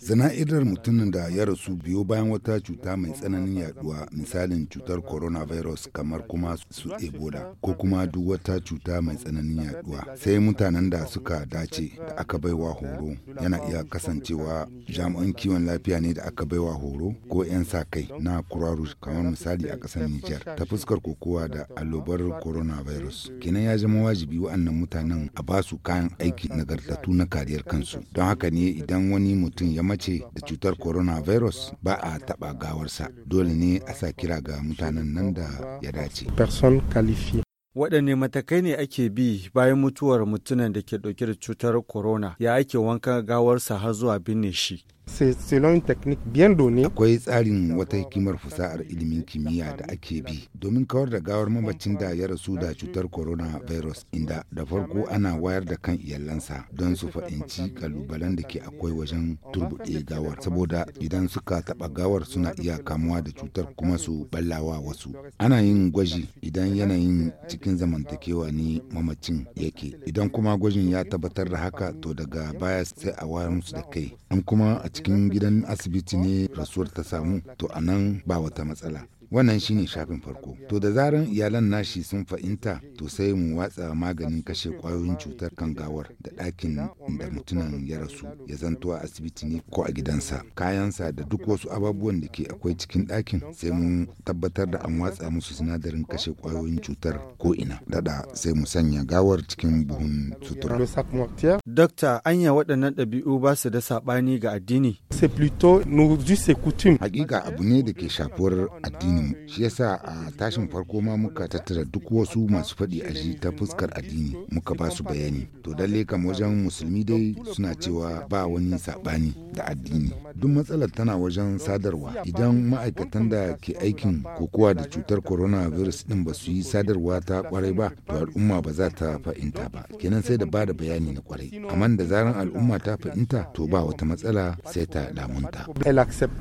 Zana'idar mutumin da ya rasu biyo bayan wata cuta mai tsananin yaduwa misalin cutar coronavirus kamar kuma su ebola ko kuma duk wata cuta mai tsananin yaduwa sai mutanen da suka dace da aka baiwa horo yana iya kasancewa jami'an kiwon lafiya ne da aka baiwa horo ko 'yan sa kai na kuraru kamar misali a kasar Nijar ta fuskar kokowa da allobar coronavirus kenan ya zama wajibi wa'annan mutanen a ba su kayan aiki nagartattu na kariyar kansu Don haka ne idan wani mutum ya mace da cutar coronavirus ba a taɓa gawarsa. Dole ne a sa kira ga mutanen nan da ya dace. waɗanne matakai ne ake bi bayan mutuwar mutumin da ke ɗauke da cutar corona ya ake wanka gawarsa har zuwa binne shi selon une technique bien donnée. Akwai tsarin wata hikimar fusa'ar ilimin kimiyya da ake bi domin kawar da gawar mamacin da ya rasu da cutar coronavirus inda da farko ana wayar da kan iyalansa don su fahimci kalubalen da ke akwai wajen turbuɗe gawar saboda idan suka taɓa gawar suna iya kamuwa da cutar kuma su ballawa wasu. Ana yin gwaji idan yanayin cikin zamantakewa ne mamacin yake idan kuma gwajin ya tabbatar da haka to daga baya sai a wayar musu da kai an kuma a cikin gidan asibiti ne rasuwar ta samu to anan ba wata matsala Wannan shine shafin farko. To da zaran iyalan nashi sun fahimta to sai mu watsa maganin kashe kwayoyin cutar kan gawar da ɗakin da mutumin ya rasu ya zanto a asibiti ne ko a gidansa. Kayansa da duk wasu ababuwan da ke akwai cikin ɗakin sai mu tabbatar da an watsa musu sinadarin kashe kwayoyin cutar ko ina. Dada sai mu sanya gawar cikin buhun sutura. Dokta anya waɗannan ɗabi'u ba su da saɓani ga addini. Hakika abu ne da ke shafuwar addini addini shi yasa a tashin farko ma muka tattara duk wasu masu faɗi a shi ta fuskar addini muka ba su bayani to dalle kam wajen musulmi dai suna cewa ba wani saɓani da addini duk matsalar tana wajen sadarwa idan ma'aikatan da ke aikin kokowa da cutar coronavirus din ba su yi sadarwa ta kwarai ba to al'umma ba za ta fa'inta ba kenan sai da ba da bayani na kwarai amma da zaran al'umma ta fa'inta to ba wata matsala sai ta damunta